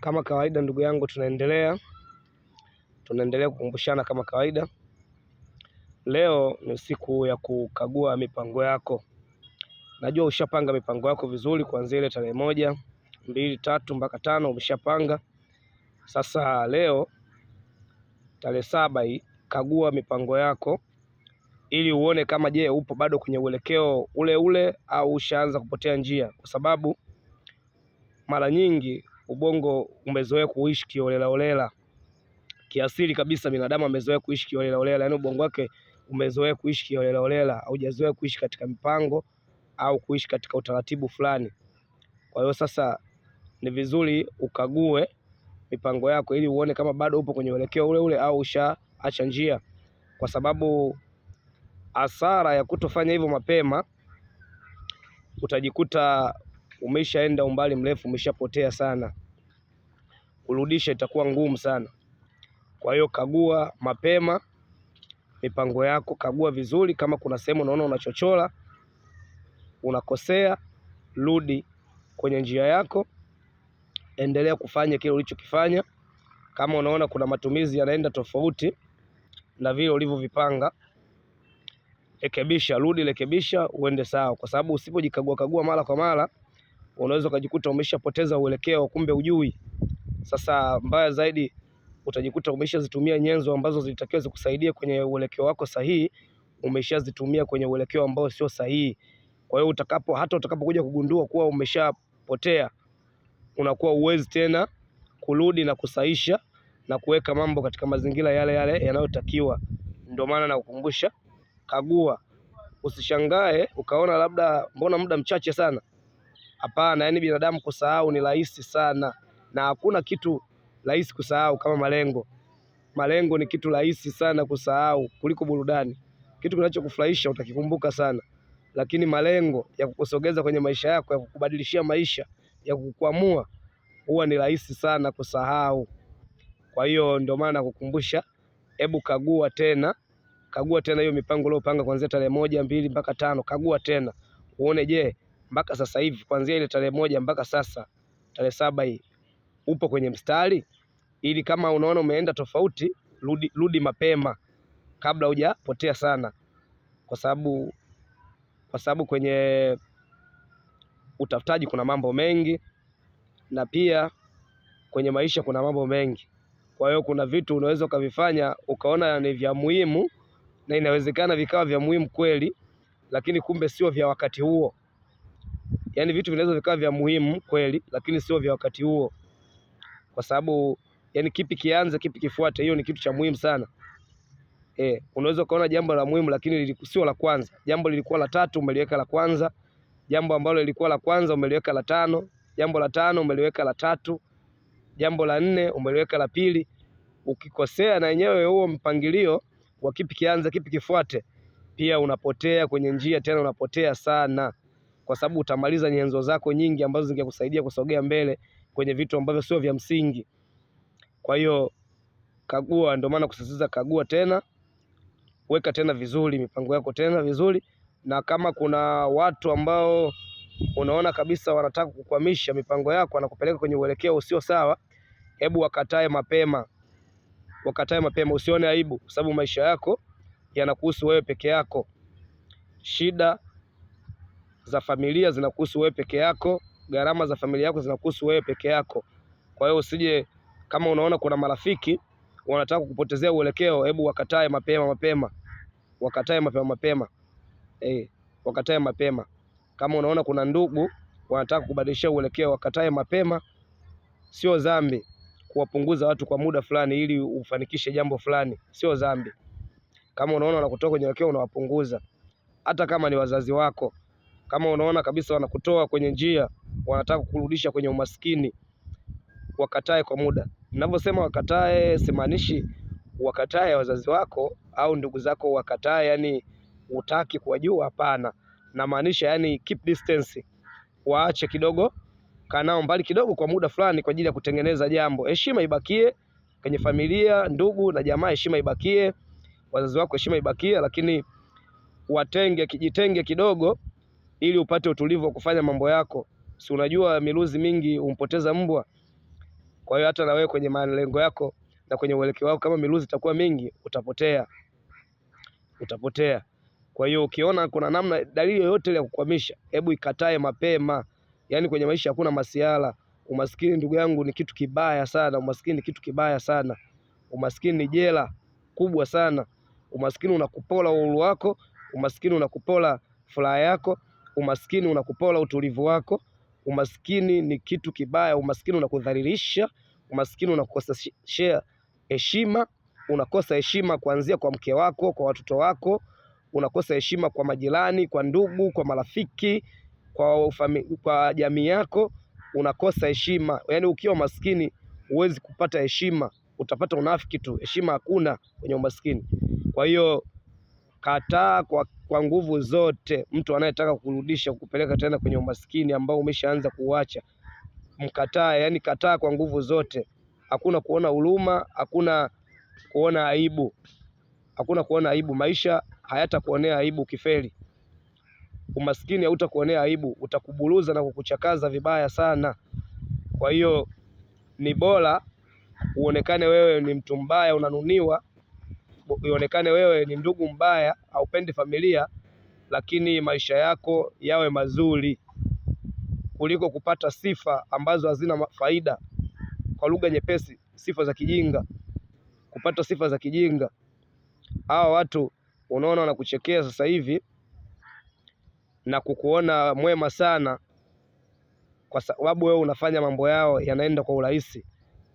Kama kawaida, ndugu yangu, tunaendelea tunaendelea kukumbushana kama kawaida. Leo ni siku ya kukagua mipango yako. Najua ushapanga mipango yako vizuri, kuanzia ile tarehe moja, mbili, tatu mpaka tano umeshapanga. Sasa leo tarehe saba hii, kagua mipango yako ili uone kama je, upo bado kwenye uelekeo ule ule au ushaanza kupotea njia, kwa sababu mara nyingi ubongo umezoea kuishi olela. kiasili kabisa binadamu amezoea kuishi olela, yaani ubongo wake umezoea kuishi kiolelaolela, haujazoea kuishi katika mipango au kuishi katika utaratibu fulani. Kwa hiyo sasa ni vizuri ukague mipango yako ili uone kama bado upo kwenye uelekeo ule ule au ushaacha njia, kwa sababu hasara ya kutofanya hivyo mapema, utajikuta umeshaenda umbali mrefu, umeshapotea sana urudishe itakuwa ngumu sana. Kwa hiyo kagua mapema mipango yako, kagua vizuri. Kama kuna sehemu unaona unachochola, unakosea, rudi kwenye njia yako, endelea kufanya kile ulichokifanya. Kama unaona kuna matumizi yanaenda tofauti na vile ulivyovipanga, rekebisha, rudi, rekebisha, uende sawa, kwa sababu usipojikagua kagua mara kwa mara unaweza ukajikuta umeshapoteza uelekeo, kumbe ujui. Sasa mbaya zaidi utajikuta umeshazitumia nyenzo ambazo zilitakiwa zikusaidia kwenye uelekeo wako sahihi, umeshazitumia kwenye uelekeo ambao sio sahihi. Kwa hiyo utakapo, hata utakapokuja kugundua kuwa umeshapotea, unakuwa uwezi tena kurudi na kusaisha na kuweka mambo katika mazingira yale yale yanayotakiwa. Ndio maana nakukumbusha, kagua, usishangae ukaona labda mbona muda mchache sana. Hapana, yaani binadamu kusahau ni rahisi sana na hakuna kitu rahisi kusahau kama malengo. Malengo ni kitu rahisi sana kusahau kuliko burudani. Kitu kinachokufurahisha utakikumbuka sana, lakini malengo ya kukusogeza kwenye maisha yako, ya kukubadilishia maisha, ya kukukwamua huwa ni rahisi sana kusahau. Kwa hiyo ndio maana nakukumbusha, hebu kagua tena, kagua tena hiyo mipango uliopanga kuanzia tarehe moja, mbili mpaka tano. Kagua tena uone, je, mpaka sasa hivi kuanzia ile tarehe moja mpaka sasa tarehe saba hii upo kwenye mstari, ili kama unaona umeenda tofauti, rudi, rudi mapema kabla hujapotea sana, kwa sababu kwa sababu kwenye utafutaji kuna mambo mengi, na pia kwenye maisha kuna mambo mengi. Kwa hiyo kuna vitu unaweza ukavifanya ukaona ni vya muhimu, na inawezekana vikawa vya muhimu kweli, lakini kumbe sio vya wakati huo. Yaani vitu vinaweza vikawa vya muhimu kweli, lakini sio vya wakati huo kwa sababu yani kipi kianze kipi kifuate, hiyo ni kitu cha muhimu sana. E, unaweza ukaona jambo la muhimu lakini sio la kwanza. Jambo lilikuwa la tatu umeliweka la kwanza, jambo ambalo lilikuwa la kwanza umeliweka la tano, jambo la tano umeliweka la tatu, jambo la nne umeliweka la pili. Ukikosea na yenyewe huo mpangilio wa kipi kianze kipi kifuate, pia unapotea kwenye njia, tena unapotea sana, kwa sababu utamaliza nyenzo zako nyingi ambazo zingekusaidia kusogea mbele kwenye vitu ambavyo sio vya msingi. Kwa hiyo kagua, ndio maana kusisitiza kagua tena, weka tena vizuri mipango yako tena vizuri, na kama kuna watu ambao unaona kabisa wanataka kukwamisha mipango yako, kupeleka kwenye uelekeo usio sawa, hebu wakatae mapema, wakatae mapema, usione aibu, kwa sababu maisha yako yanakuhusu wewe peke yako. Shida za familia zinakuhusu wewe peke yako gharama za familia yako zinakuhusu wewe peke yako. Kwa hiyo usije kama unaona kuna marafiki wanataka kukupotezea uelekeo, hebu wakatae mapema mapema, wakatae mapema mapema, eh, wakatae mapema. Kama unaona kuna ndugu wanataka kubadilisha uelekeo, wakatae mapema. Sio dhambi kuwapunguza watu kwa muda fulani ili ufanikishe jambo fulani, sio dhambi. Kama unaona wanakutoa kwenye uelekeo, unawapunguza, hata kama ni wazazi wako. Kama unaona kabisa wanakutoa kwenye njia, wanataka kurudisha kwenye umaskini, wakatae kwa muda. Ninavyosema wakatae, simaanishi wakatae wazazi wako au ndugu zako wakatae, yani utaki kuwajua, hapana. Namaanisha yani keep distance, waache kidogo, kanao mbali kidogo kwa muda fulani, kwa ajili ya kutengeneza jambo. Heshima ibakie kwenye familia, ndugu na jamaa, heshima ibakie, wazazi wako heshima ibakie, lakini watenge, kijitenge kidogo, ili upate utulivu wa kufanya mambo yako si unajua miluzi mingi umpoteza mbwa. Kwa hiyo hata na wewe kwenye malengo yako na kwenye uelekeo wako, kama miluzi itakuwa mingi, utapotea, utapotea. Kwa hiyo ukiona kuna namna, dalili yoyote ya kukwamisha, hebu ikatae mapema. Yaani kwenye maisha hakuna masiala. Umaskini ndugu yangu ni kitu kibaya sana. Umaskini ni kitu kibaya sana. Umaskini ni jela kubwa sana. Umaskini unakupola uhuru wako, umaskini unakupola furaha yako, umaskini unakupola utulivu wako. Umaskini ni kitu kibaya. Umaskini unakudhalilisha, umaskini unakukoseshea heshima, unakosa heshima kuanzia kwa mke wako, kwa watoto wako, unakosa heshima kwa majirani, kwa ndugu, kwa marafiki, kwa, kwa jamii yako, unakosa heshima. Yaani ukiwa maskini huwezi kupata heshima, utapata unafiki tu, heshima hakuna kwenye umaskini. Kwa hiyo kataa kwa kwa nguvu zote mtu anayetaka kurudisha kukupeleka tena kwenye umaskini ambao umeshaanza kuuacha, mkataa. Yani kataa kwa nguvu zote. Hakuna kuona huruma, hakuna kuona aibu, hakuna kuona aibu. Maisha hayatakuonea aibu kifeli, umaskini hautakuonea aibu, utakuburuza na kukuchakaza vibaya sana. Kwa hiyo ni bora uonekane wewe ni mtu mbaya, unanuniwa ionekane wewe ni ndugu mbaya, haupendi familia, lakini maisha yako yawe mazuri kuliko kupata sifa ambazo hazina faida. Kwa lugha nyepesi, sifa za kijinga, kupata sifa za kijinga. Hawa watu unaona wanakuchekea sasa hivi na kukuona mwema sana, kwa sababu wewe unafanya mambo yao yanaenda kwa urahisi.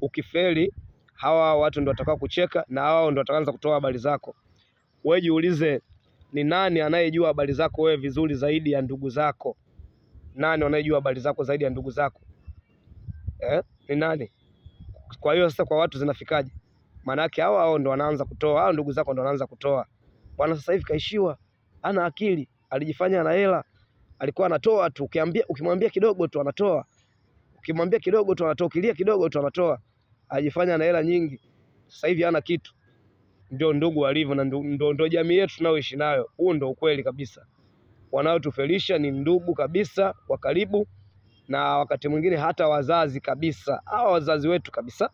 Ukifeli hawa watu ndio watakao kucheka na hawa ndio watakaanza kutoa habari zako. Wewe jiulize, ni nani anayejua habari zako wewe vizuri zaidi ya ndugu zako? Nani anayejua habari zako zaidi ya ndugu zako eh? Ni nani? Kwa hiyo sasa, kwa watu zinafikaje? Maana yake hao hao ndio wanaanza kutoa, hao ndugu zako ndio wanaanza kutoa, bwana, sasa hivi kaishiwa, ana akili, alijifanya ana hela, alikuwa anatoa tu. Ukiambia, ukimwambia kidogo tu anatoa, ukimwambia kidogo tu anatoa, ukilia kidogo tu anatoa ajifanya ana hela nyingi, sasa hivi hana kitu. Ndio ndugu alivyo na ndo, ndo jamii yetu tunayoishi nayo, huu ndo ukweli kabisa. Wanaotufelisha ni ndugu kabisa wa karibu, na wakati mwingine hata wazazi kabisa. Hawa wazazi wetu kabisa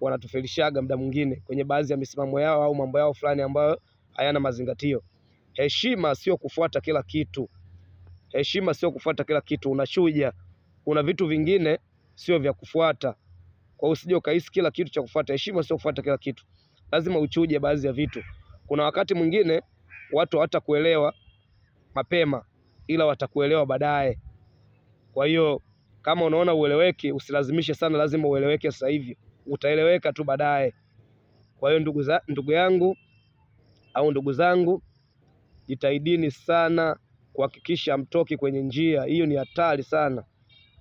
wanatufelishaga muda mwingine kwenye baadhi ya misimamo yao au mambo yao fulani ambayo hayana mazingatio. Heshima sio kufuata kila kitu, heshima sio kufuata kila kitu. Unachuja, kuna vitu vingine sio vya kufuata. Kwa hiyo usije ukahisi kila kitu cha kufuata. Heshima sio kufuata kila kitu, lazima uchuje baadhi ya vitu. Kuna wakati mwingine watu hawatakuelewa mapema, ila watakuelewa baadaye. Kwa hiyo kama unaona ueleweki, usilazimishe sana, lazima ueleweke sasa hivi, utaeleweka tu baadaye. Kwa hiyo ndugu, za, ndugu yangu au ndugu zangu, jitahidini sana kuhakikisha mtoki kwenye njia hiyo, ni hatari sana.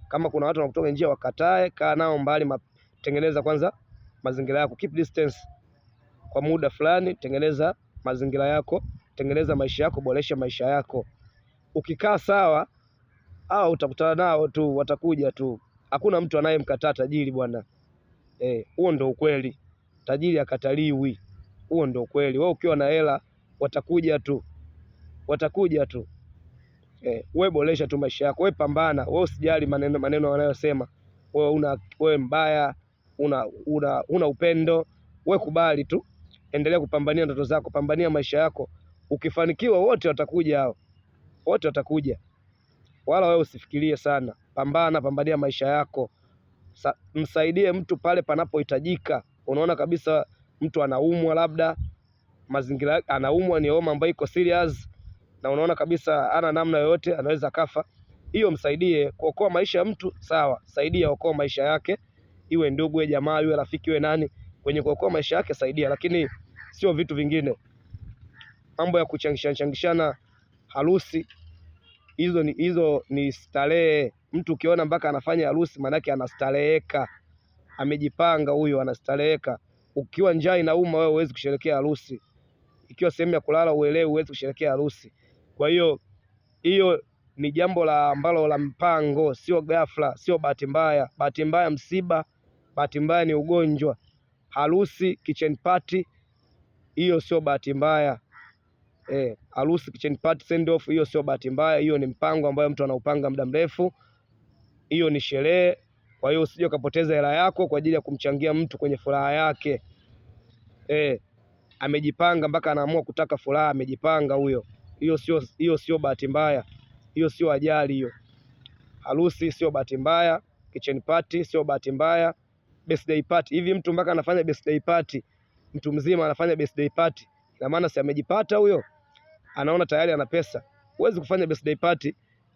Kama kuna watu wanakutoka njia, wakatae, kaa nao mbali mapema tengeneza kwanza mazingira yako, keep distance kwa muda fulani, tengeneza mazingira yako, tengeneza maisha yako, boresha maisha yako. Ukikaa sawa, au utakutana nao tu, watakuja tu. Hakuna mtu anayemkataa tajiri bwana. Eh, huo ndio ukweli. Tajiri akataliwi, huo ndio ukweli. Wewe ukiwa na hela watakuja tu, watakuja tu. Eh, we boresha tu maisha yako, we pambana, we usijali maneno maneno wanayosema wewe una wewe mbaya una, una, una upendo. We kubali tu, endelea kupambania ndoto zako, pambania maisha yako. Ukifanikiwa wote watakuja hao, wote watakuja, wala wewe usifikirie sana. Pambana, pambania maisha yako. Sa, msaidie mtu pale panapohitajika. Unaona kabisa mtu anaumwa, labda mazingira, anaumwa ni homa ambayo iko serious, na unaona kabisa ana namna yoyote, anaweza kafa. Hiyo msaidie. Kuokoa maisha ya mtu sawa, saidia, okoa maisha yake iwe ndugu, iwe jamaa, iwe rafiki, iwe nani, kwenye kuokoa maisha yake saidia, lakini sio vitu vingine. Mambo ya kuchangishana changishana harusi hizo ni, hizo ni starehe. Mtu ukiona mpaka anafanya harusi, maanake anastareheka, amejipanga huyo, anastareheka. Ukiwa njaa inauma, wewe huwezi kusherekea harusi. Ikiwa sehemu ya kulala uelewe, huwezi kusherekea harusi. Kwa hiyo hiyo ni jambo la ambalo la mpango, sio ghafla, sio bahati mbaya. Bahati mbaya msiba bahati mbaya ni ugonjwa. Harusi, kitchen party, hiyo sio bahati mbaya. Eh, harusi, kitchen party, send off, hiyo sio bahati mbaya. Hiyo ni mpango ambayo mtu anaupanga muda mrefu, hiyo ni sherehe. Kwa hiyo usije ukapoteza hela yako kwa ajili ya kumchangia mtu kwenye furaha yake. Eh, amejipanga mpaka anaamua kutaka furaha, amejipanga huyo. Hiyo sio hiyo sio bahati mbaya, hiyo sio ajali hiyo. Harusi sio bahati mbaya, kitchen party sio bahati mbaya birthday party. Hivi mtu mpaka anafanya birthday party, mtu mzima anafanya birthday party, na maana si amejipata huyo? Anaona tayari ana pesa. Huwezi kufanya birthday party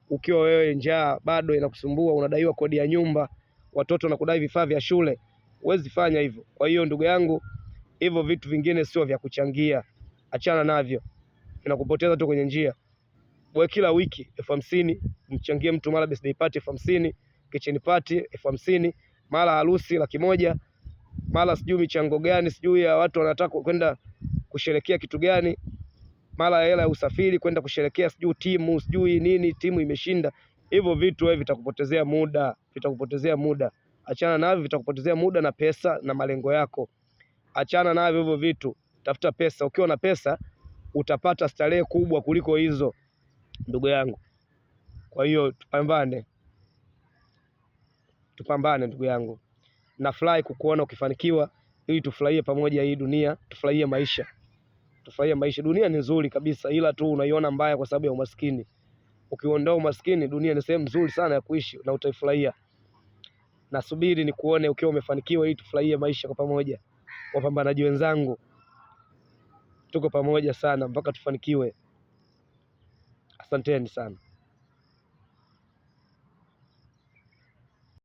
ukiwa wewe njaa bado inakusumbua, unadaiwa kodi ya nyumba, watoto wanakudai vifaa vya shule, huwezi fanya hivyo. Kwa hiyo ndugu yangu, hivyo vitu vingine sio vya kuchangia, achana navyo, inakupoteza tu kwenye njia. Wewe kila wiki elfu hamsini mchangie mtu mara birthday party elfu hamsini kitchen party elfu hamsini mara harusi laki moja, mara sijui michango gani, sijui ya watu wanataka kwenda kusherekea kitu gani, mara hela ya usafiri kwenda kusherekea sijui timu sijui nini, timu imeshinda. Hivyo vitu wewe vitakupotezea muda, vitakupotezea muda. Achana navyo, vitakupotezea muda na pesa na malengo yako. Achana navyo hivyo vitu, tafuta pesa. Ukiwa na pesa utapata starehe kubwa kuliko hizo, ndugu yangu. Kwa hiyo tupambane tupambane ndugu yangu. Nafurahi kukuona ukifanikiwa, ili tufurahie pamoja hii dunia, tufurahie maisha, tufurahie maisha. Dunia ni nzuri kabisa, ila tu unaiona mbaya kwa sababu ya umaskini. Ukiondoa umaskini, dunia ni sehemu nzuri sana ya kuishi na utaifurahia. Nasubiri nikuone ukiwa umefanikiwa, ili tufurahie maisha kwa pamoja. Wapambanaji wenzangu, tuko pamoja sana mpaka tufanikiwe. Asanteni sana.